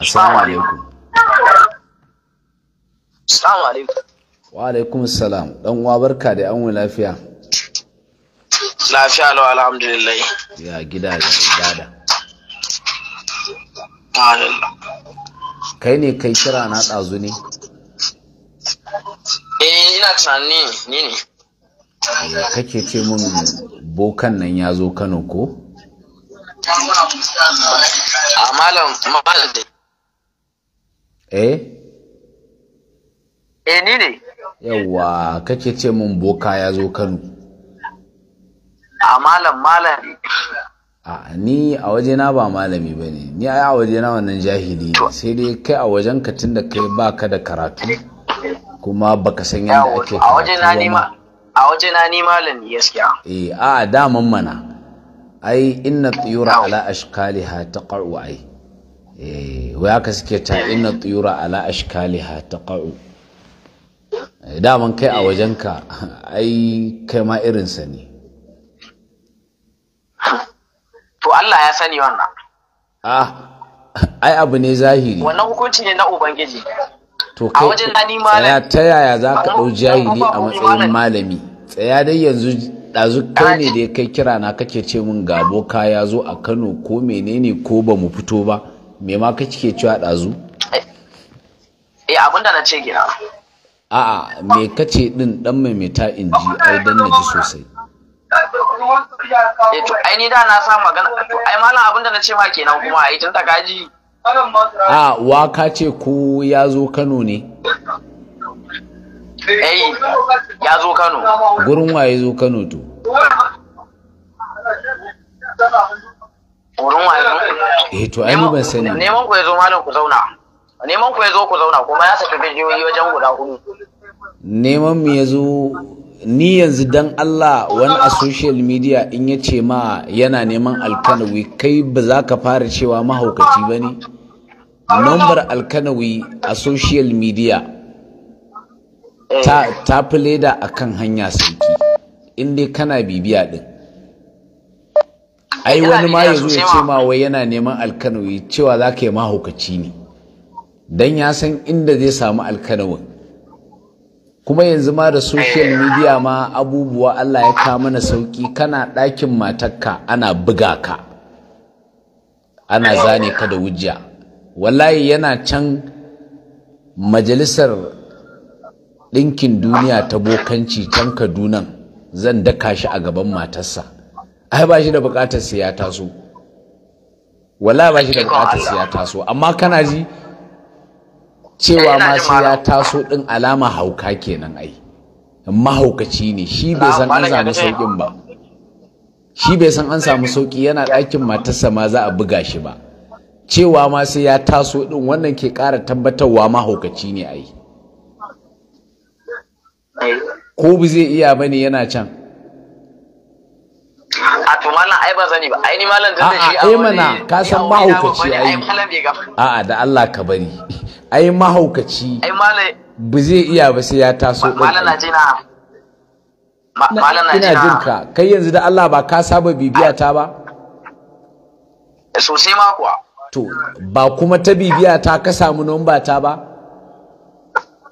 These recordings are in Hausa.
Assalamu alaikum. Assalamu alaikum. Wa alaikum salam. Dan uwa barka da an lafiya. Lafiya lau alhamdulillah. Ya gida ya ibada. Kai ne kai kira na ɗazu ne? Eh ina tunani ni ne. Eh, kake ce mun bokan nan ya zo Kano ko? A ah, malam malam eh eh ni ne yawa kake ce mun boka ya zo kano a malam malam a ni a wajena ba malami ba ne ni a wajena wannan jahili ne sai dai kai a wajen ka tunda kai baka da karatu kuma baka san yadda ake karatu a wajena ni ma a na ni malami gaskiya eh a da mana ai inna tsira ala ta taqa'u ai Eh, wai aka suke ta inna tsura ala ashkaliha ƙa'u eh, daman kai a wajenka ai kai ma irinsa ne to Allah ya sani wannan ah ai abu ne zahiri wannan hukunci ne na ubangiji to kai tsaya ta yaya za ka ɗau jahili a matsayin malami tsaya dai yanzu ɗazu kai ne da kai kira na kake ce min gabo ka ya zo a kano ko menene ko ba mu fito ba me ma ka cike cewa ɗazu? eh abinda na ce gina a'a me ka ce ɗin ɗan maimaita in ji ai dan na ji sosai eh to ai ni da na sa magana to ai malam abinda na ce ma kenan kuma ai tun da ji. a wa ka ce ko ya zo kano ne eh ya zo kano gurin wa ya zo kano to wurin eh neman ku yazo zauna kuma ya saki bidiyoyi wajen guda hudu neman mu yazo ni yanzu dan Allah wani a social media in ya ce ma yana neman alkanawi kai ba za ka fara cewa mahaukaci ba ne nambar alkanawi a social media ta, fi leda a kan hanya sauki in kana bibiya din ai wani ma yanzu ya ce ma wai yana neman ya cewa za ka yi mahaukaci ne don ya san inda zai samu alkanowin. kuma yanzu ma da social media ma abubuwa Allah ya ka mana sauki kana ɗakin matarka ana buga ka ana zane ka da wujja wallahi yana can majalisar ɗinkin duniya ta bokanci can kadunan zan daka shi a gaban matarsa ai ba shi da bukatar sai ya taso wala ba shi da bukatar sai ya taso amma kana ji cewa ma sai ya taso din alama hauka kenan ai mahaukaci ne shi bai san an samu saukin ba shi bai san an samu sauki yana ɗakin matarsa ma za a buga shi ba cewa ma sai ya taso din wannan ke ƙara tabbatarwa mahaukaci ne ai ko bi zai iya bane yana can to malam ai ban sani ba ai ni malam tunda shi a mana ka san mahaukaci ai a'a da Allah ka bari ai mahaukaci ai malam ba zai iya ba sai ya taso malam na je na ina jin ka kai yanzu da Allah ba ka saba bibiya ta ba sosai ma kuwa to ba kuma ta bibiya ta ka samu nomba ta ba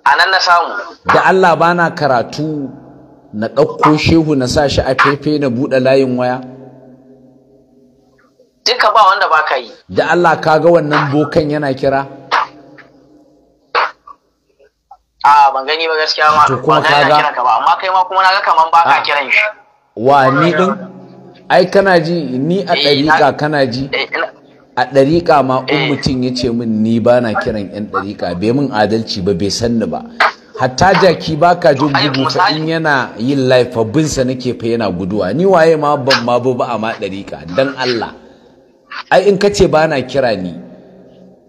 a nan na samu da Allah bana karatu na ɗauko shehu na sa shi a fefe na buɗe layin waya duka ba wanda ba ka yi da Allah ka ga wannan bokan yana kira a ban gani ba gaskiya ma to kuma ka ga ka ba amma kai ma kuma ga kaman ba ka ah. kiran shi wa ni din ai kana ji ni a eh, ɗariƙa kana ji eh, a ɗariƙa ma in eh. mutum ya ce min ni ba na kiran ƴan ɗariƙa bai min adalci ba bai sanni ba hatta jaki ba ka jin gudu fa in yana yin laifabinsa nake fa yana guduwa ni waye ma ban ma ba a ma ɗariƙa don Allah ai in kace ba na kira ni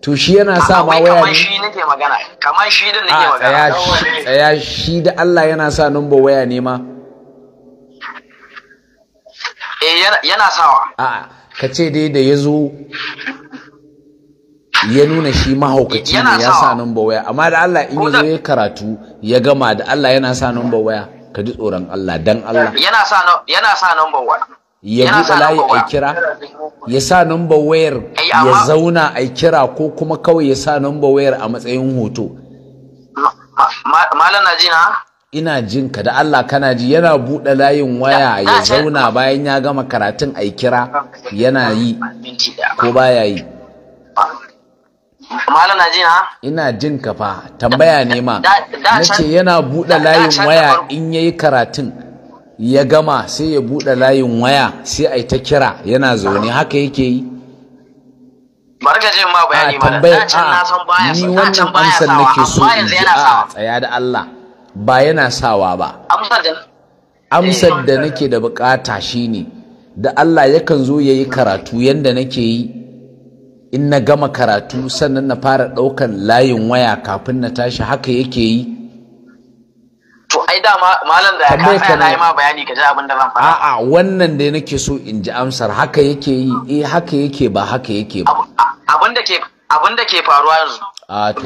to shi yana sa ma waya ne shi nake magana kamar shi din nake ah, magana tsaya shi da Allah yana sa number waya ne ma eh yana sawa a ah, kace dai da yazo ya nuna shi mahaukaci ne ya sa number waya amma da Allah in yazo ya karatu ya gama da Allah yana sa number waya ka ji tsoron Allah dan Allah yana sa yana sa number waya ya buɗe layi a kira ya sa number wayar eh, ya zauna a kira ko kuma kawai ya sa number wayar a matsayin hoto malam na jina ina jin ka da Allah kana ji yana buɗe layin waya ya zauna bayan ya gama karatun a kira yana yi ko baya yi Malam na jina Ina jin ka fa, tambaya ne ma. Nace yana buɗe layin waya in yayi karatun. ya gama sai ya buɗe layin waya sai a yi ta kira yana zaune haka yake yi ni wannan amsar nake so in tsaya da Allah ba yana sawa ba amsar da eh. nake da bukata shine da Allah yakan zo yayi karatu yadda nake yi in na gama karatu sannan na fara ɗaukan layin waya kafin na tashi haka yake yi ai da malam da ya tsaya na yi ma bayani ka ji abin da zan faɗa a'a wannan da nake so in ji amsar haka yake yi eh haka yake ba haka yake ba abin da ke abin da ke faruwa yanzu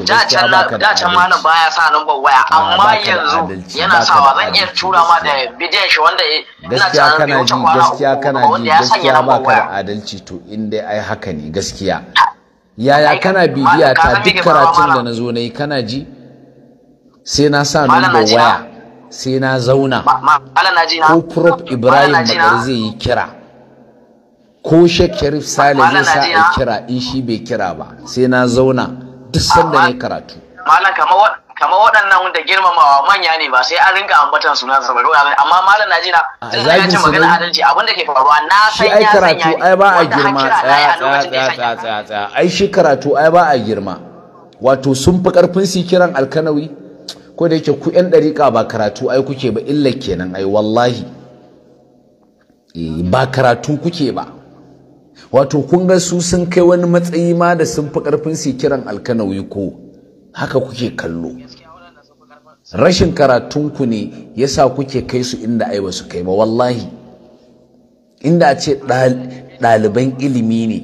da can da can malam baya sa number waya amma yanzu yana sawa zan iya tura ma da bidiyon shi wanda ina gaskiya kana ji gaskiya kana ji gaskiya ba ka da adalci to in dai ai haka ne gaskiya yaya kana bibiya ta duk karatun da na zo na yi kana ji sai na sa number waya sai na zauna ko prof ibrahim bakar zai yi kira ko shekari sale zai sa a kira in shi bai kira ba sai na zauna duk sanda ne karatu kamar waɗannan wanda girmamawa manya ne ba sai an rinka ambatan suna su bari amma malam na jina tun da ce magana adalci abin da ke faruwa na sanya ya sanya ne ai ba a girma tsaya tsaya tsaya tsaya tsaya ai shi karatu ai ba a girma wato sun fi karfin su kiran alkanawi ko da yake ku yan dariƙa ba karatu ai kuke ba illa kenan ai wallahi eh, ba karatu kuke ba wato kun ga su sun kai wani matsayi ma da sun fi karfin su kiran alkanawi ko haka kuke kallo rashin karatunku ne yasa kuke kai su inda ai ba su kai ba wallahi inda a ce ɗaliban ilimi ne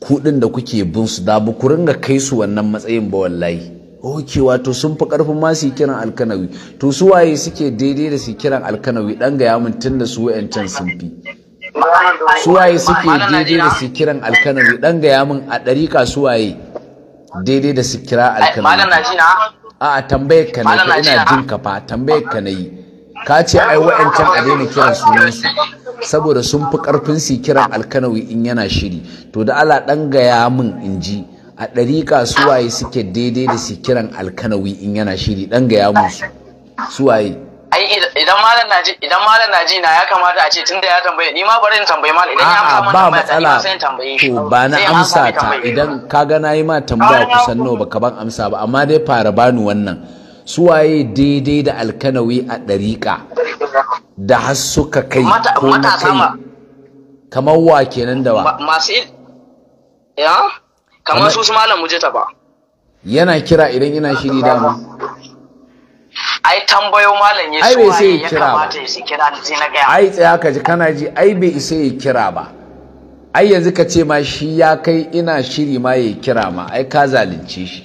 kuɗin da kuke bin su da ku ringa kai su wannan matsayin ba wallahi ok wato sun fi karfin ma su kiran alkanawi to su waye suke daidai da su kiran alkanawi dan ga yamin tun da su wayancan sun fi su waye suke daidai da su kiran alkanawi dan ga yamin a dariƙa su waye daidai da su kira alkanawi a tambayar ka ne ina jin ka fa tambayar ka na yi ka ce ai wayancan a daina kiran sunansu saboda sun fi karfin su kiran alkanawi in yana shiri to da Allah dan ga yamin in ji a ɗari suwaye suke daidai da su kiran alkanawi in yana shiri ɗan gaya musu suwaye idan malam naji idan malam naji na ya kamata a ce tunda ya tambaye ni ma bari in tambaye malam idan ya amsa ba matsala to ba na amsa ta idan ka ga nayi ma tambaya kusan nawa baka ban amsa ba amma dai fara bani wannan suwaye daidai da alkanawi a ɗariƙa da har suka kai ko na kai kamar wa kenan da wa masu ya kamar su su malam mujita ba yana kira idan ina shiri dama ai tambayo malam ya ai bai sai ya kira ba ai tsaya ka ji kana ji ai bai isa ya kira ba ai yanzu ka ce ma shi ya kai ina shiri ma ya kira ma ai ka zalunce shi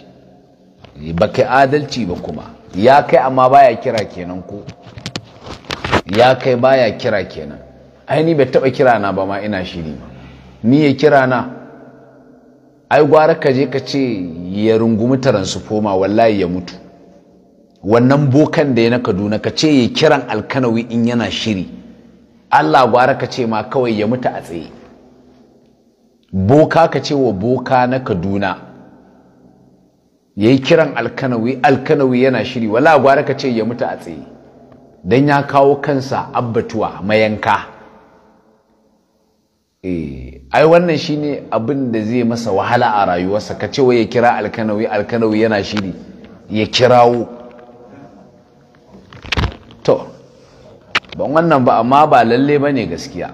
ba kai adalci ba kuma ya kai amma baya kira kenan ko ya kai baya kira kenan ai ni bai taba kira na ba ma ina shiri ni ya kira na ai gwara ka je ka ce ya rungumi taransifoma wallahi ya mutu wannan bokan da ya na kaduna ka ce ya kiran alkanawi in yana shiri allah gwara ka ce ma kawai ya mutu a tsaye boka ka ce wa boka na kaduna ya yi kiran alkanawi alkanawi yana shiri wala gwara ka ce ya mutu a tsaye don ya kawo kansa abbatuwa mayanka Eh, ai wannan shine abin da zai masa wahala a rayuwarsa ka ce ya kira alkanawi alkanawi yana shiri ya kirawo to ban wannan ba amma ba lalle ba ne gaskiya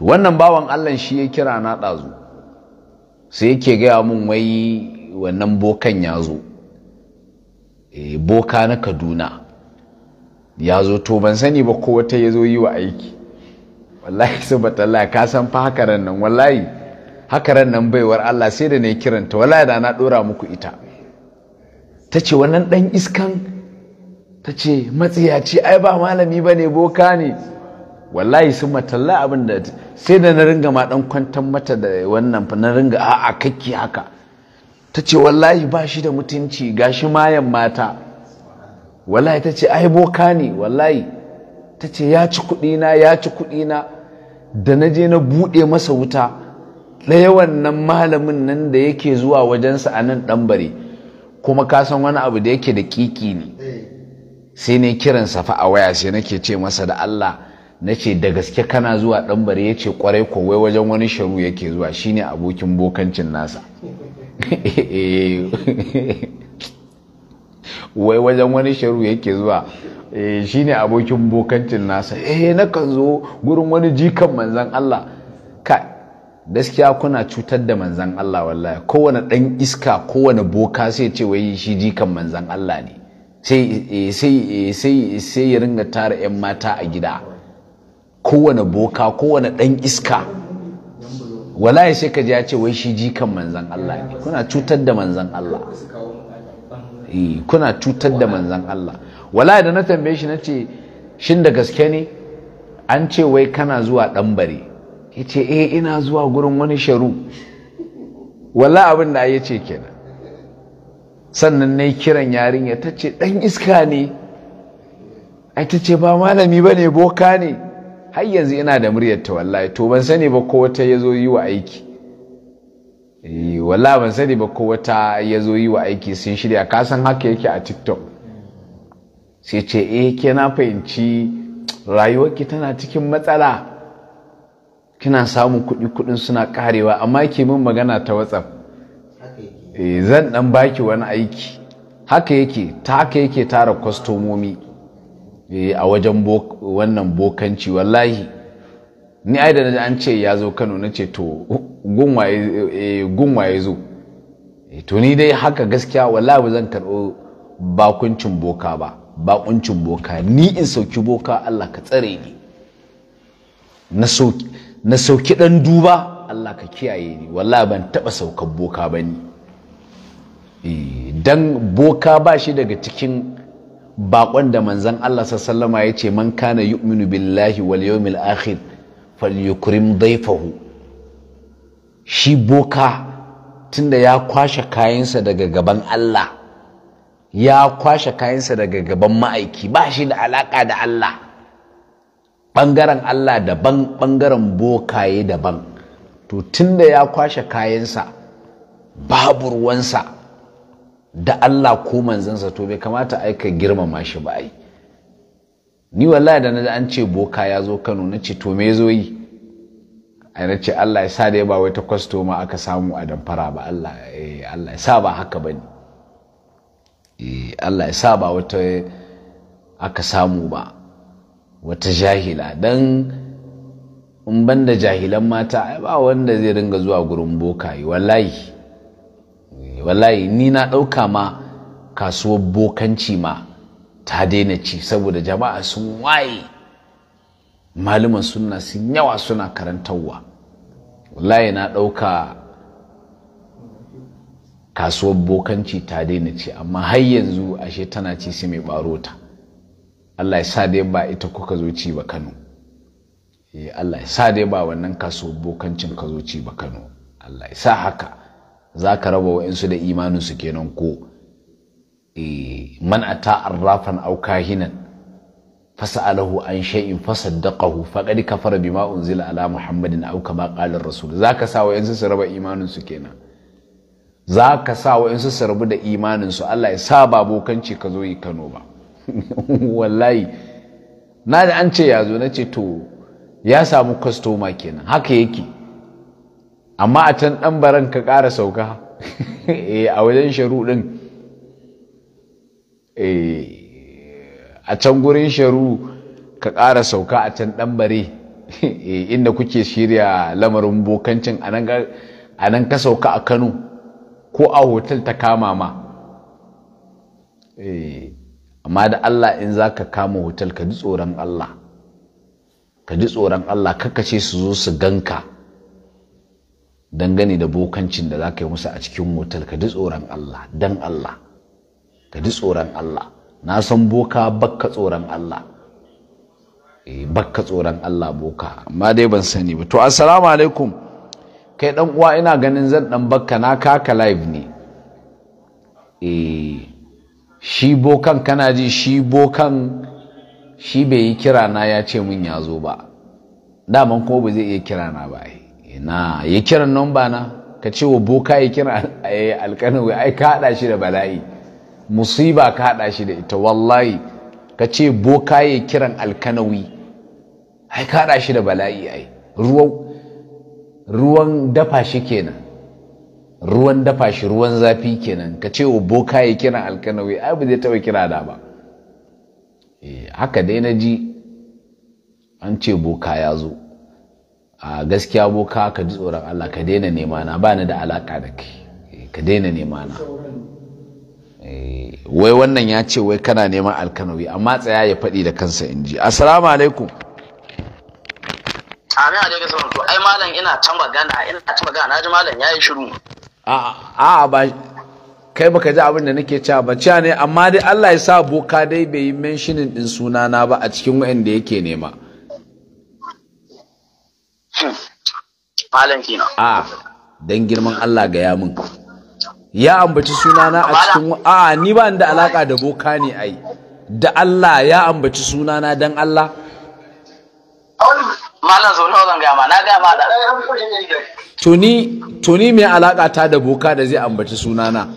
to wannan bawan allah shi ya kira na ɗazu sai yake gaya mun wai wannan bokan ya zo eh, boka na kaduna ya zo to ban sani ba ko wata ya zo yi wa aiki wallahi saboda Allah ka san fa hakaran nan wallahi hakaran nan baiwar Allah sai da ne kiranta wallahi da na dora muku ita tace wannan dan iskan tace matsiyaci ai ba malami bane boka ne wallahi sun matalla abin da sai da na ringa ma dan kwantar mata da wannan fa na ringa a'a kakki haka ta ce wallahi ba shi da mutunci gashi mayan mata wallahi ta ce ai boka ne wallahi ta ce ya ci kuɗina ya ci kuɗina da na je na buɗe masa wuta ɗaya nan malamin nan da yake zuwa wajensa a nan ɗanbare kuma ka san wani abu da yake da ƙiƙi ne sai ne kiransa safa a waya sai nake ce masa da Allah na ce da gaske kana zuwa ɗanbare ya ce kwarai kowai wajen wani sharu yake zuwa shine abokin bokancin nasa eh. wai wajen wani sharu yake zuwa eh, shi ne abokin bokancin nasa eh na kan zo gurin wani jikan manzan Allah ka gaskiya kuna cutar da manzan Allah wallahi kowane dan iska kowane boka sai ce wai shi jikan manzan Allah ne sai eh, eh, ya ringa tara 'yan mata a gida kowane boka kowane dan iska wallahi sai ka ji ya ce wai shi jikan manzan Allah ne kuna cutar da manzan Allah Eh, kuna cutar da manzan Allah wala da na tambaye shi na ce shin da gaske ne an ce wai kana zuwa ɗanbare ya ce eh ina zuwa gurin wani sharu wala abin da ya ce kenan sannan na yi kiran yarinya ta ce ɗan iska ne ai ta ce ba malami ba ne boka ne har yanzu ina da muryar ta wallahi to ban sani ba ko wata ya zo yi wa aiki Eh, walla ban sani ba ko wata ya zo yi wa aiki sun shirya kasan haka yake a tiktok sai ce eh ke na fahimci ki tana cikin matsala kina samun kuɗi kuɗin suna karewa amma ke min magana ta whatsapp eh, zan ɗan baki wani aiki haka yake ta haka yake tara kwastomomi eh, a wajen wannan bokanci wallahi ni ai da an ce ya zo Kano na ce to gunwaye eh, zo eh, to ni dai haka gaskiya wallahi ba zan karbo bakuncin boka ba bakuncin boka ni in sauki boka Allah ka tsare ni na sauki ɗan duba Allah ka kiyaye ni wallahi ban taba saukar boka ba ni eh, dan boka ba shi daga cikin bakon da manzon Allah sallama ya ce man kana yu'minu billahi wal yawmil akhir falyukurim daifahu shi boka tunda ya kwashe kayansa daga gaban Allah ya kwashe kayansa daga gaban ma'aiki ba shi da alaka da Allah ɓangaren Allah daban ɓangaren bokaye daban to tunda ya kwashe kayansa babu ruwansa da Allah ko manzansa to bai kamata aika girmama shi ba ai ni wallahi da na an ce boka ya zo Kano na ce to me zo yi a na ce Allah ya sa da ba wai to kwastoma aka samu a damfara ba Allah eh, Allah ya sa ba haka ba eh Allah ya sa ba wata aka samu ba wata jahila don in ban da jahilan mata ba wanda zai ringa zuwa gurin boka. yi wallahi eh, wallahi ni na ɗauka ma kasuwar bokanci ma ta daina ci saboda jama'a sun waye malaman sunna sun yawa suna karantarwa wallahi na ɗauka kasuwar bokanci ta daina ci amma har yanzu ashe tana ci su mai barota ta allah ya sa dai ba ita kuka zo ci ba kano eh, allah ya sa dai ba wannan kasuwar bokancin ka zo ci ba kano allah ya sa haka za ka raba wa'insu da imanin su kenan ko man ata arrafan aw kahinan fasalahu an shay'in fasaddaqahu faqad kafara bima unzila ala muhammadin auka kama qala rasul ka sa wayansu su raba imanin su kenan ka sa wayansu su rabu da imanin su Allah ya sa bokanci ka zo yi Kano ba wallahi na da an ce ya zo na ce to ya samu kwastoma kenan haka yake amma a can ɗan baran ka ƙara sauka a wajen sharuɗin Eh, a can gurin sharu ka ƙara sauka a can ɗanbare eh, inda kuke shirya lamarin bokancin a nan ka sauka a kano ko a hotel ta kama ma eh, amma da allah in za ka kama hotel ka ji tsoron allah ka ji tsoron allah kakace su zo su ganka dangane da bokancin da za ka yi musu a cikin hotel ka ji tsoron allah don allah ka ji tsoron Allah na san boka bakka tsoron Allah eh, bakka tsoron Allah boka amma dai ban sani ba to assalamu alaikum kai dan uwa ina ganin zan dan bakka na kaka live ne eh shi bokan kana ji shi bokan shi bai yi kira na ya ce min ya zo ba daman ko ba zai iya kira na ba na ya kira nan na ka ce wa boka ya kira eh, alkanawi ai ka haɗa shi da bala'i musiba ka haɗa shi da ita wallahi ka ce boka ya kiran alkanawi ai ka haɗa shi da bala'i ai ruwan dafa shi kenan ruwan dafa shi ruwan zafi kenan ka ce wa boka ya kiran alkanawi ai ba zai taɓa kira da ba eh, haka dai na ji an ce boka ya zo a gaskiya boka ka ji tsoron Allah ka daina nema na ba ni da alaka da kai eh, ka daina nema na wai wannan ya ce wai kana neman alkanawi amma tsaya ya faɗi da kansa in ji assalamu alaikum amin a daga sauran to ai malam ina can magana ina can magana na ji malam ya yi shiru a'a ba kai baka ji abin da nake cewa ba cewa ne amma dai Allah ya sa boka dai bai yi menshinin din sunana ba a cikin wa'anda yake nema hmm. malam kina a dan girman Allah ga ya mun ya ambaci sunana a cikin a ni ba da alaka da boka ne ai da Allah ya ambaci sunana dan Allah mallan zo na zanga ma na ma da to ni to ni me alaka ta da boka da zai ambaci sunana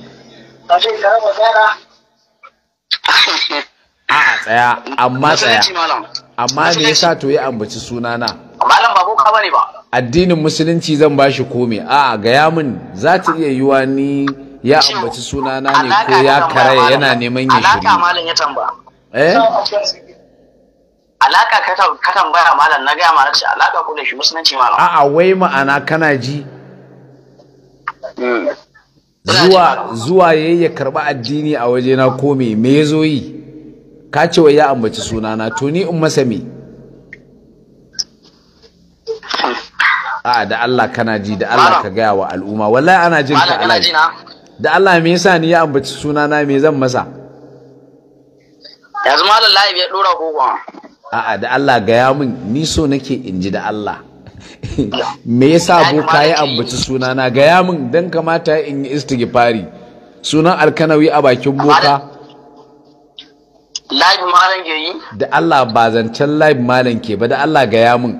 a tsaya amma tsaya amma me yasa to ya ambaci sunana mallan ba boka bane ba addinin musulunci zan bashi kome a gaya min za ta iya yiwa ni ya ambaci sunana ne ko ya karaya yana neman ya shiri alaka malam ya tamba eh alaka ka tambaya malam na gaya malam ce alaka ko da shi musulunci malam a'a wai ma'ana kana ji hmm. zuwa zuwa yayi ya karba addini a waje na ko me me yazo yi ka ce wai ya ambaci sunana to ni in masa me a da Allah kana ji da Allah ka gaya wa al'umma wallahi ana jin ka Allah jina da Allah me yasa ni ya ambaci sunana me zan masa yanzu malam laif ya dora a a'a da Allah gaya min ni so nake in ji da Allah me yasa boka ya ambaci sunana gaya min dan kamata in yi istighfari sunan alkanawi a bakin boka live malam ke yi da Allah ba zancen live malam ke ba da Allah gaya min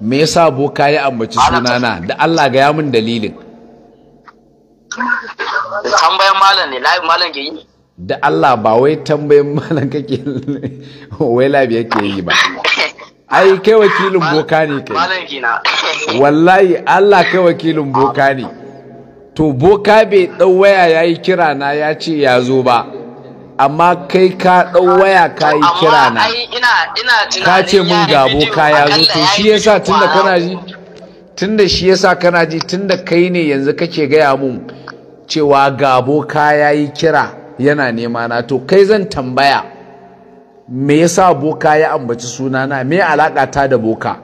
me yasa boka ya ambaci sunana da Allah gaya min dalilin tambayan malam ne layin malam ke yi da Allah ba wai tambayan malam kake wai labi yake yi ba ai kai wakilin boka ne kai wallahi Allah kai wakilin boka ne to boka bai dau waya yayi kira na ya ce ya zo ba amma kai ka dau waya ka yi kira na ka ce mun ga boka ya zo to shi yasa tunda kana ji tunda shi yasa kana ji tunda kai ne yanzu kake gaya mun cewa gabo ya yi kira yana nema na to kai zan tambaya me yasa boka ya ambaci suna na? me alaƙa ta da boka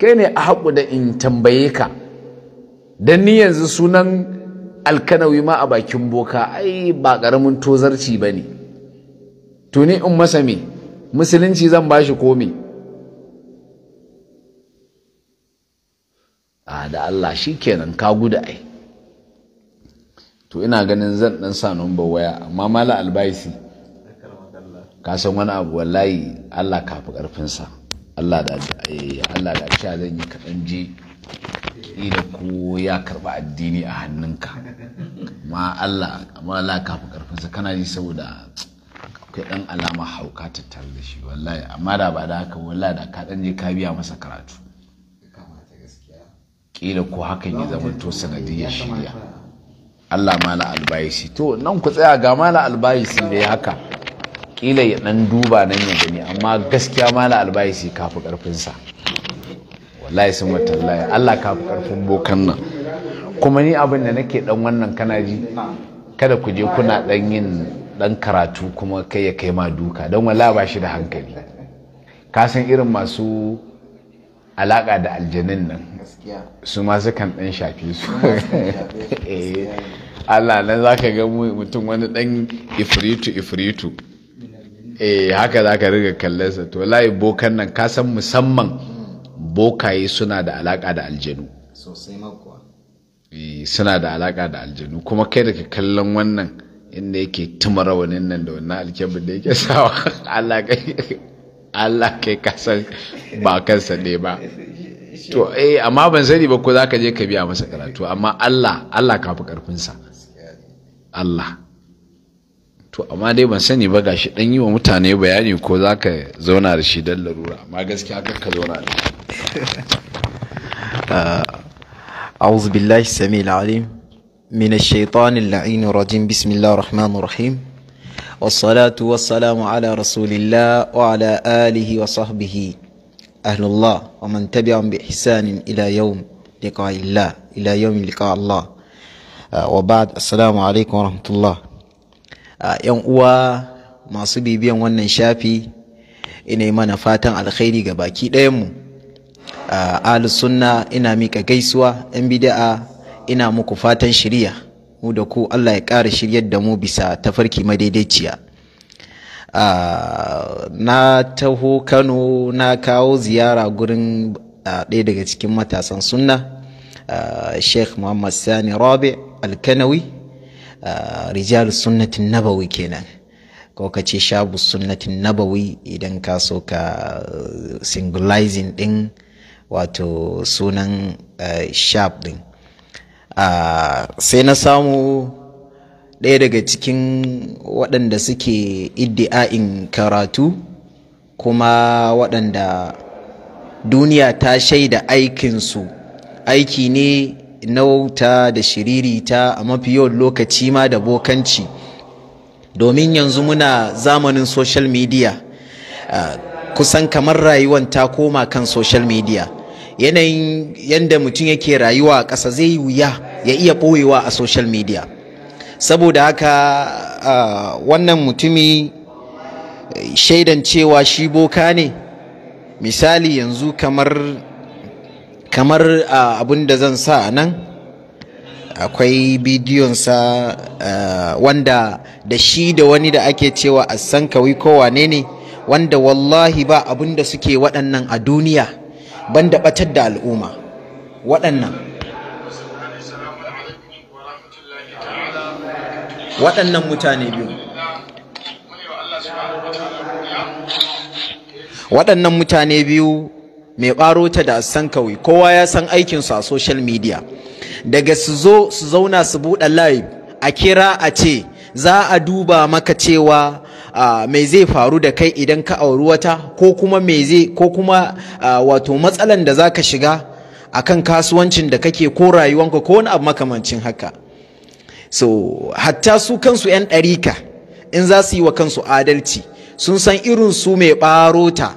kai ne a haƙu da in tambaye ka dan ni yanzu sunan alkanawi ma a bakin boka ai ba ƙaramin tozarci ba ne tuni in masa me musulunci zan ba shi komi a ah, da Allah shi kenan ka gudu ai to ina ganin zan dan sa numba waya amma mala albaisi ka san wani abu wallahi Allah ka fi karfin sa Allah da eh, Allah da cewa zan yi kaɗan je ila ku ya karba addini a hannunka amma Allah amma Allah ka fi karfin sa kana ji saboda akwai dan alama hauka tattare da shi wallahi amma da ba da haka wallahi da ka dan je ka biya masa karatu kila ko hakan ya zama to sanadiyar shirya Allah mala albayisi to nan ku tsaya ga mala albayisi da ya haka kila ya dan duba nan ya gani amma gaskiya mala albayisi kafi karfin sa wallahi sun wallahi Allah kafi karfin bokan nan kuma ni abin da nake dan wannan kana ji kada ku je kuna dan yin dan karatu kuma kai ya kai ma duka dan wala ba shi da hankali ka san irin masu alaka da aljanin nan su ma sukan ɗan shafi su eh, Allah nan za ka ga mutum wani ɗan ifiritu-ifiritu. eh haka za ka riga sa. to layi bokan nan ka san musamman bokaye suna da alaƙa da aljanu eh, suna da alaƙa da aljanu kuma kai daga kallon wannan inda yake tumara wani nan da wannan alkebin da yake sawa Allah kai Allah kai ba kansa ne ba to eh amma ban sani ba ko za ka je ka biya masa karatu amma Allah Allah ka fi karfinsa Allah to amma dai ban sani ba gashi dan yi wa mutane bayani ko za ka zauna da shi dan larura amma gaskiya ka ka zauna da shi أعوذ بالله السميع العليم من الشيطان اللعين الرجيم بسم الله الرحمن الرحيم والصلاة والسلام على رسول الله وعلى آله وصحبه ahlullah wa man tabi'ahum bi ihsanin ila yawm liqa'illah ila yawm liqa'illah uh, wa ba'd assalamu alaikum wa rahmatullah uh, yan uwa masu bibiyan wannan shafi ina mana fatan alkhairi ga baki ɗayan mu uh, ahli sunna ina mika gaisuwa yan bid'a ina muku fatan shiriya mu da ku Allah ya ƙara shiryar da mu bisa tafarki madaidaiciya Ah, na taho kano na kawo ziyara gurin ah, ɗaya daga cikin matasan sunna ah, sheikh muhammad sani rabi alkanawi rijal sunnatin nabawi kenan ko ka ce shabu sunnatin nabawi idan ka so ka singulizing ɗin wato sunan shab ɗin sai na samu ɗaya daga cikin waɗanda suke iddi'a'in karatu kuma waɗanda duniya ta shaida aikinsu aiki ne na wauta da shiririta a mafi yawan lokaci ma da bokanci domin yanzu muna zamanin social media kusan kamar rayuwan ta koma kan social media yanayin yadda mutum yake rayuwa a ƙasa zai wuya ya iya ɓoyewa a social media saboda haka wannan mutumi shaidan cewa shi boka ne misali yanzu kamar kamar abin da zan sa a nan akwai bidiyonsa wanda da shi da wani da ake cewa a san kawai kowa ne ne wanda wallahi ba abin da suke waɗannan a duniya banda ɓatar da al'umma waɗannan waɗannan mutane biyu waɗannan mutane biyu mai ɓarota da san kawai kowa ya san aikinsu a social media daga su zo su zauna su buɗe live a kira a ce za a duba maka cewa me zai faru da kai idan ka auri wata ko kuma mai zai ko kuma wato matsalan da za ka shiga akan kasuwancin da kake ko rayuwanka ko wani abu makamancin haka so hatta su kansu 'yan ɗarika in za su yi wa kansu adalci sun san irin su mai ɓarota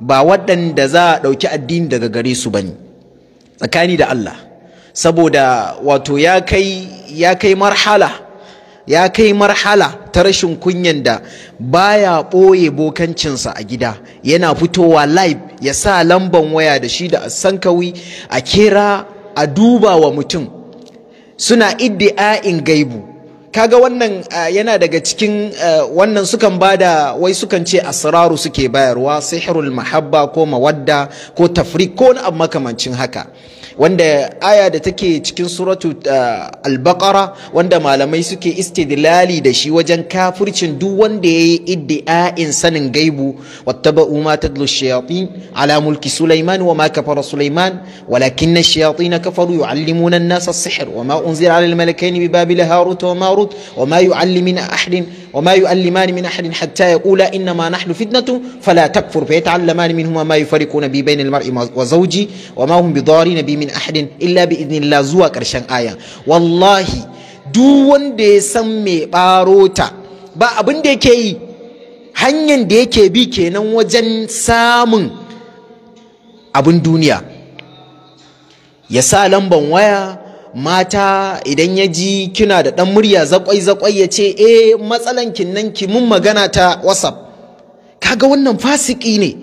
ba waɗanda za a ɗauki addini daga gare su ba ne tsakani da Allah saboda wato ya kai ya kai marhala ya kai marhala ta rashin kunyan da baya ɓoye bokancinsa a gida yana fitowa live ya sa lamban waya da shi da sankawi a kera a duba wa mutum suna iddi'a'in gaibu kaga wannan yana daga cikin wannan sukan bada wai sukan ce asraru suke bayarwa sihirul mahabba ko mawadda ko tafri, ko wani abu makamancin haka wanda aya da take cikin suratu al-baqara wanda malamai suke istidlali da shi wajen kafircin duk wanda yayi iddi'a'in sanin gaibu wattaba'u ma tadlu ash-shayatin ala mulki sulaiman wa ma kafara sulaiman walakinna ash-shayatin kafaru yu'allimuna an-nasa as-sihr wa ma unzila ala al-malakaini bi babila harut wa marut wa ma yu'allimina ahadin wa ma yu'allimani min ahadin hatta yaqula inna ma nahnu fitnatu fala takfur fa yata'allamani min huma ma yufariqu nabiy bayna al-mar'i wa zawji wa ma hum bidari nabiy min ahadin illa bi idni Allah zuwa karshen aya wallahi du wanda ya san me barota ba abin da yake yi hanyar da yake bi kenan wajen samun abun duniya ya sa lamban waya mata idan ya ji kina da ɗan murya zakwai-zakwai ya ce e eh, matsalan kinnan ki mun magana ta whatsapp kaga wannan fasiki ne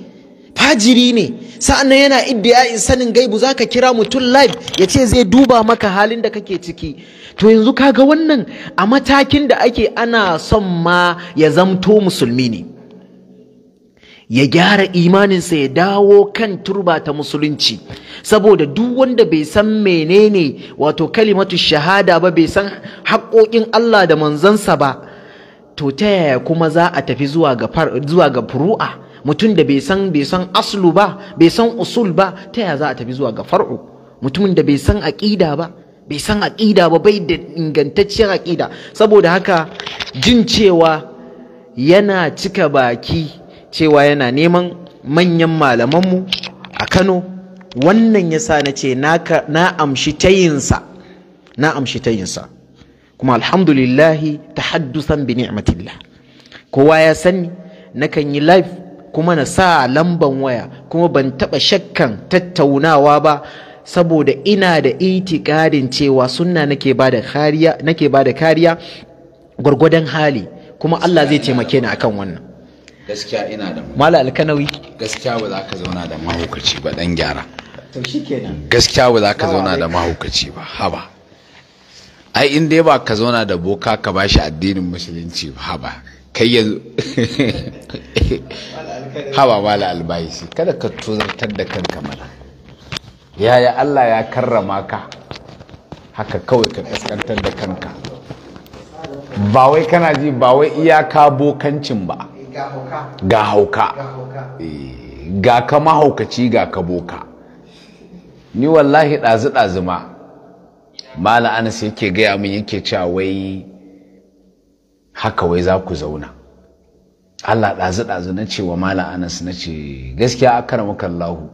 fajiri ne sa'annan yana iddiyayin sanin gaibu za ka kira mutum live ya ce zai duba maka halin da kake ciki to yanzu kaga wannan a matakin da ake ana son ma ya zamto musulmi ne ya gyara imaninsa ya dawo kan turba ta musulunci saboda duk wanda bai san menene wato kalimatu shahada ba bai san haƙoƙin Allah da manzansa ba to ta yaya kuma za a tafi zuwa ga zuwa ga furu'a mutum da bai san bai san aslu ba bai san usul ba ta yaya za a tafi zuwa ga far'u mutumin da bai san aqida ba bai san aqida ba bai da ingantacciyar aqida saboda haka jin cewa yana cika baki cewa yana neman manyan malamanmu a Kano wannan ya sa na ce na amshi tayinsa na amshi tayinsa kuma alhamdulillahi tahaddusan bi ni'matillah kowa ya sani nakan yi live kuma na sa lamban waya kuma ban taba shakkan tattaunawa ba saboda ina da itikadin cewa sunna nake ba da kariya gwargwadon hali kuma Allah zai taimake ni akan wannan gaskiya ina da mala alkanawi gaskiya ba za ka zauna da mahaukaci ba dan gyara to shikenan gaskiya ba za ka zauna da mahaukaci ba haba ai in dai ba ka zauna da boka ka bashi addinin musulunci ba haba kai yanzu haba mala albayisi kada ka tozartar da kanka mana yaya Allah ya karrama ka haka kawai ka kaskantar da kanka ba wai kana ji ba wai iyaka bokancin ba ga hauka eh, ga ka mahaukaci ga kaboka. ni wallahi ɗazu ɗazuma ma mala anas yake gaya min yake cewa wai haka wai za ku zauna allah ɗazu ɗazu na ce wa mala anas na ce gaskiya akaramaka lahu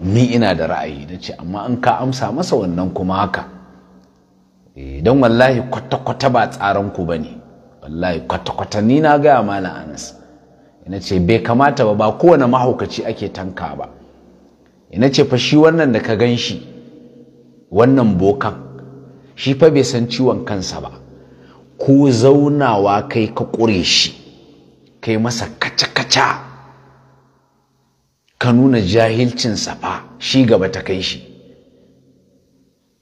ni ina da ra'ayi na ce amma in ka amsa masa wannan kuma haka eh, don wallahi kwata-kwata ba tsaranku ku ba ne wallahi kwata-kwata ni na gaya malam anas ina ce bai kamata ba ba kowane mahaukaci ake tanka ba ina ce fa shi wannan da ka gan shi wannan bokan shi fa bai san ciwon kansa ba ko zaunawa kai ka ƙure shi kai masa kaca-kaca ka nuna jahilcin safa shi gaba ta kai shi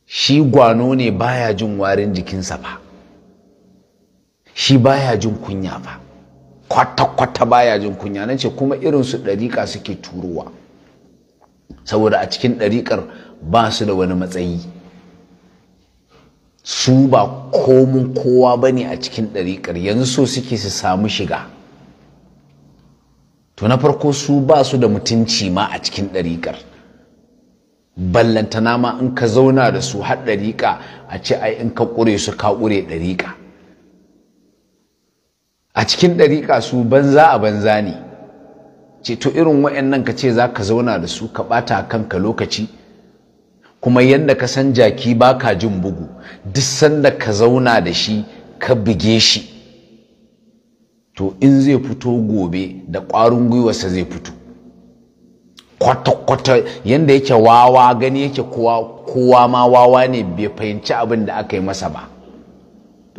shi gwano ne baya jin warin jikinsa ba. shi baya jin kunya ba kwata-kwata baya jin kunya nan ce kuma su ɗariƙa suke turowa saboda a cikin ɗariƙar ba su da wani matsayi su ba komun kowa ba ne a cikin ɗariƙar yanzu so suke su samu shiga to na farko su ba su da mutunci ma a cikin ɗariƙar Ballanta nama in ka zauna da su har ɗariƙa a ce ai in ka ƙure su ka ƙure ɗariƙa a cikin ɗariƙa su banza a banza ne ce to irin wa'annan ka ce za ka zauna da su ka ɓata kanka lokaci kuma yadda ka san jaki ba ka jin bugu duk sanda ka zauna da shi ka buge shi to in zai fito gobe da ƙwarin gwiwarsa zai fito kwata-kwata yadda yake wawa gani yake kowa ma wawa ne bai fahimci abin da aka yi masa ba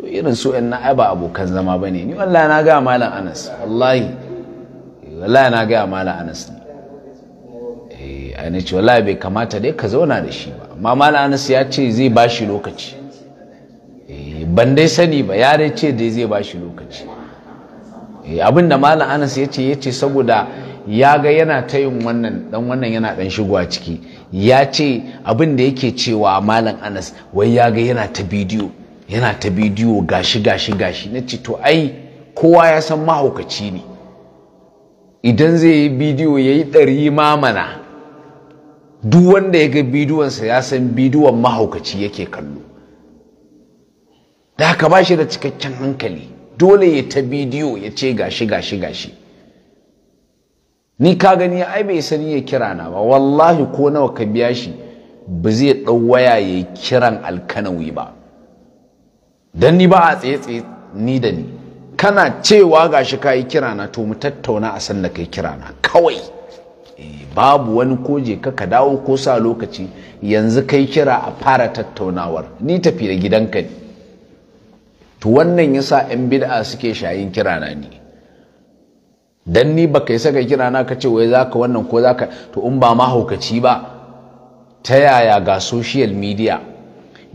to irin su yan na ba abokan zama ba ne ni wallahi na gaya malam anas wallahi eh, wallahi na gaya malam anas ne eh, a ne ce wallahi bai kamata dai ka zauna da shi ba amma malam anas ya ce zai ba shi lokaci eh, ban dai sani ba ya dai ce dai zai ba shi lokaci abinda malam anas ya ce ya ce saboda ya ga yana ta yin wannan dan wannan yana dan shigo a ciki ya ce abin da yake cewa malam anas wai ya ga yana ta bidiyo yana ta bidiyo gashi gashi gashi na ce to ai kowa ya san mahaukaci ne idan zai yi bidiyo ya yi ɗari mamana duk wanda ya ga bidiyonsa ya san bidiyon mahaukaci yake kallo da haka ba shi da cikakken hankali dole ya ta bidiyo ya ce gashi gashi gashi ni ka gani ai bai sani ya kira na ba wallahi ko nawa ka biya shi ba zai ɗau waya ya yi kiran alkanawi ba Don ni ba a tsaye tsaye ni da ni kana cewa gashi ka yi kirana to mu tattauna a san da kai kirana kawai eh, babu wani koje ka ka dawo ko sa lokaci yanzu kai kira a fara tattaunawar ni tafi da gidanka ne to wannan ya sa yan bid'a suke shayin kirana ni. Don ni baka saka ka kirana ka ce wai za ka wannan ko za ka. to in ba mahaukaci ba ta yaya ga social media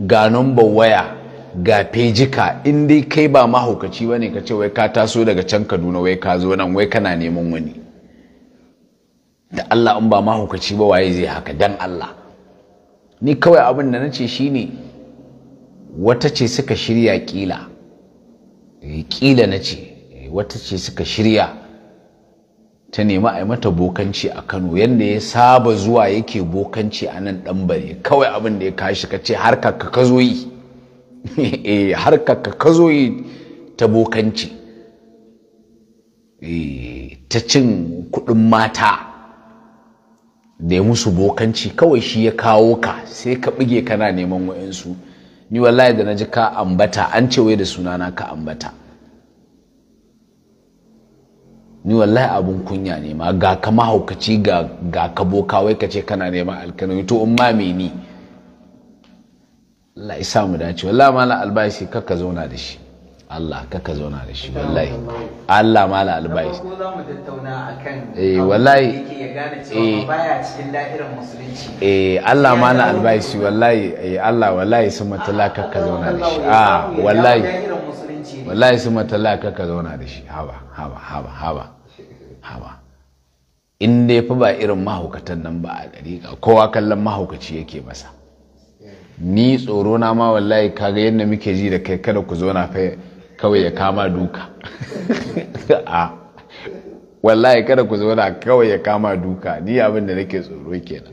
ga number waya ga fejika in dai kai ba mahaukaci ba ka ce wai ka taso daga can kaduna wai ka zo nan wai kana neman wani da allah in ba mahaukaci ba waye zai haka dan allah ni kawai abin da na ce shine wata ce suka shirya kila kila eh, na ce eh, wata ce suka shirya ta nemi a yi mata bokanci a kano yadda ya saba zuwa yake bokanci a nan ɗan bare kawai abin da ya kashi ka ce harka ka ka zo yi har eh, kaka, ka zo yi ta bokanci eh, ta cin kuɗin mata da ya musu bokanci kawai shi ya kawo ka sai ka bige kana neman wa'insu ni wallahi da na ji ka ambata an ce wai da sunana ka ambata ni wallahi abun kunya ne ma ga ka mahaukaci ga ka boka wai ka ce kana neman alkanoyi to in ma ni Allah ya sa mu dace wallahi mala albashi kaka zauna da shi Allah kaka zauna da shi wallahi Allah mala albashi ko zamu tattauna akan eh wallahi yake gane cewa eh. baya cikin da'irar musulunci eh Allah mala albashi wallahi eh Allah wallahi sun matala kaka zauna da shi ah wallahi wallahi sun matala kaka zauna da shi haba haba haba haba haba in dai fa ba irin mahaukatan nan ba a dariƙa kowa kallon mahaukaci yake masa ni tsoro na ma wallahi kaga yadda muke ji da kai kada ku zauna fa kawai ya kama duka a wallahi kada ku zauna kawai ya kama duka ni abin da nake tsoro kenan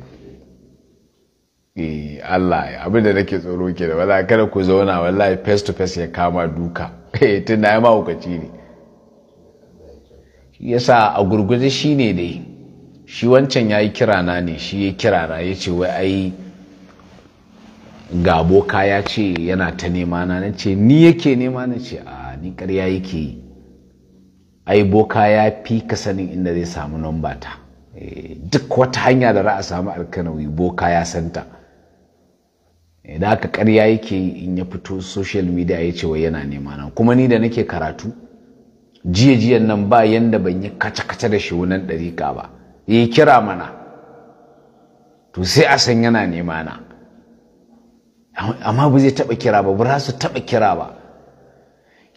eh Allah abin da nake tsoro kenan wallahi kada ku zauna wallahi face to face ya kama duka eh tun na ma hukaci ne yasa a gurguje shine dai shi wancan yayi kirana ne shi ya kirana yace wai ai ga boka ya ce yana ta nema na na ce ni yake nema na ce a ni karya yake yi ai boka ya fi ka sanin inda zai samu namba ta eh, duk wata hanya da ra'a samu alkanawi boka ya santa eh, da aka karya yake yi in ya fito social media ya ce wai yana nema na kuma ni da nake karatu jiya jiyan nan ba yanda ban yi kaca-kaca da shi wannan ba yi eh, kira mana to sai a san yana nema na amma ba zai taɓa kira ba ba su taɓa kira ba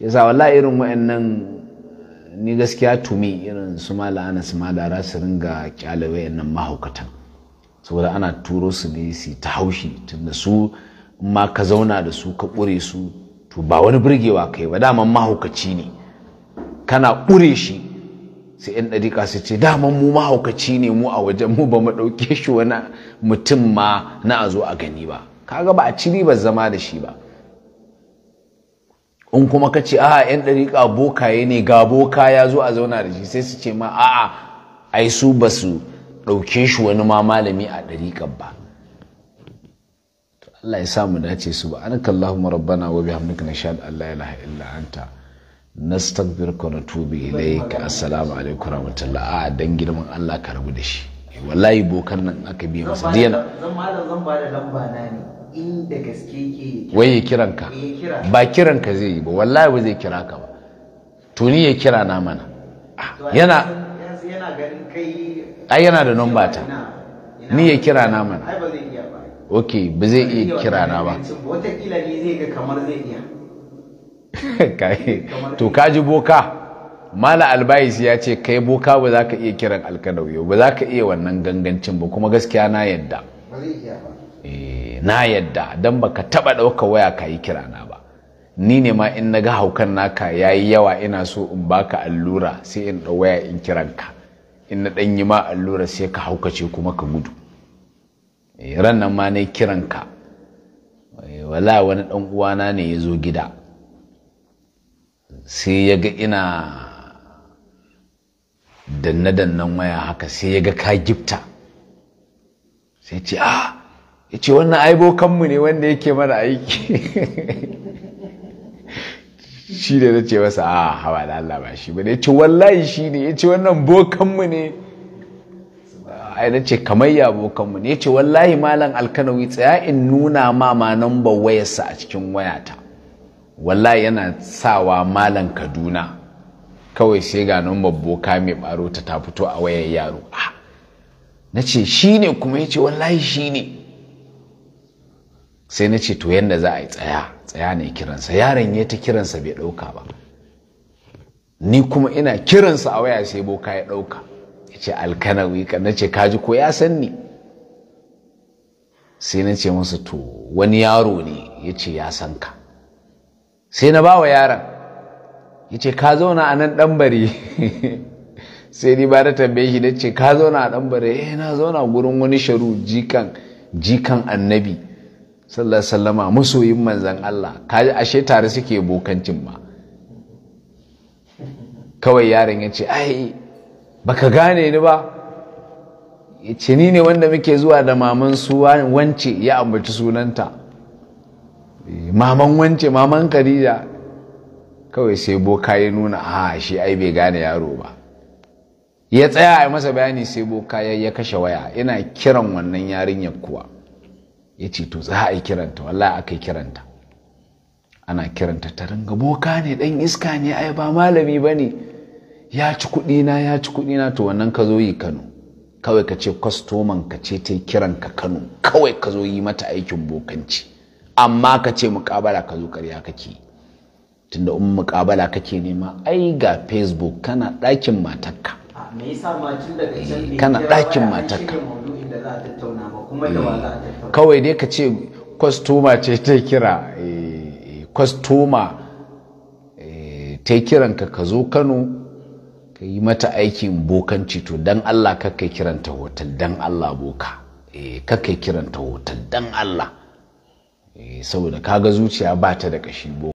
yasa wallahi irin wa'annan ni gaskiya tumi irin su mala ana su da ra su ringa kyale wa'annan mahaukatan saboda ana turo su ne su ta haushi tunda su ma ka zauna da su ka ƙure su to ba wani burgewa kai ba daman mahaukaci ne kana ƙure shi sai yan ɗariƙa su ce daman mu mahaukaci ne mu a wajen mu ba mu ɗauke shi wani mutum ma na a zo a gani ba kaga ba a ci ribar zama da shi ba in kuma ka ce a'a yan ɗariƙa bokaye ne ga boka ya zo a zauna da shi sai su ce ma a'a ai su ba su ɗauke shi wani ma malami a ɗariƙar ba Allah ya sa mu dace su ba anaka Allahumma marabbana wa na sha Allah ya laha illa anta ka wa natubu ilayka assalamu alaikum rahmatullah a dan girman Allah ka rabu da shi wallahi bokan nan aka biya masa diyana zan malam zan ba da lamba na ne inda gaske ke wai ya kiran ka eh, ba kiran ka zai yi ba wallahi ba zai kira ka ba tuni ya kira na mana ah, yana yana ganin kai ai yana da nomba ta ni ya kira na mana ai ba zai iya ba ba zai iya kira na ba watakila ne zai ga kamar zai iya kai to kaji boka mala albayis ya ce kai boka ba za ka iya kiran alkanawi ba za ka iya wannan gangancin ba kuma gaskiya na yadda ba zai iya ba Eh, na yadda don baka taba ɗauka waya ka yi na ba ni ne ma in na ga haukan naka ya yi yawa ina so in baka allura sai in ɗau waya in kiranka in na ɗan yi ma allura sai ka haukace kuma ka gudu eh, ran nan ma kiran kiranka eh, wala wani ɗan uwana ne ya zo gida sai ya ga ina danne-dannen waya haka sai ya ga ka gifta sai ce ah ya ce wannan aibokanmu ne wanda yake mana aiki shi da na ce masa a ah, hawa da Allah ba shi ba ne ya ce wallahi shi ne ya ce wannan bokanmu ne ai na ce kamar ya bokanmu ne ya ce wallahi malam alkanawi tsaya in nuna ma ma namba wayarsa a cikin wayata wallahi yana sawa malam kaduna kawai sai ga namba boka mai baro ta ta fito a wayar yaro ah. na ce shi ne kuma ya ce wallahi shi ne sai na ce to yadda za a yi tsaya tsaya ne kiransa yaron ya ta kiransa bai ɗauka ba ni kuma ina kiransa a waya sai boka ya ɗauka ya ce alkanawi ka na ce kaji ko ya san ni sai na ce masa to wani yaro ne ya ce ya san ka sai na bawa yaron ya ce ka zauna a nan ɗanbare. sai ni ba na tambaye shi na ce ka zauna a ɗanbare. eh na zauna gurin wani sharu jikan annabi sallallahu wasallama masoyin manzan Allah kaji ashe tare suke bokancin ma kawai yaron ya ai baka gane ni ba ya ni ne wanda muke zuwa da maman su wance ya ambaci sunanta eh, maman wance maman Khadija kawai sai boka ya nuna a ah, shi ai bai gane yaro ba ya tsaya a masa bayani sai boka ya kashe waya ina kiran wannan yarinyar kuwa ya ce to za a yi kiranta wallahi aka yi kiranta ana kiranta ta ringa boka ne dan iska ne ai ba malami ba ne ya ci kuɗi na ya ci kuɗi na to wannan ka zo yi kano kawai ka ce kwastoman ka ce ta yi kiran kano kawai ka zo yi mata aikin bokanci amma ka ce mukabala ka zo karya kake tunda in mukabala kake nema ai ga facebook kana ɗakin matarka ah, eh, kana ɗakin matarka Eh. kawai dai ka ce kwastoma ce ta kira eh, eh, kwastoma ta yi kiranka ka zo kano ka yi mata aikin bokanci to dan allah ka kai kiranta hotel dan allah boka ka kai kiranta hotel dan allah saboda kaga zuciya ba ta da ƙashi boka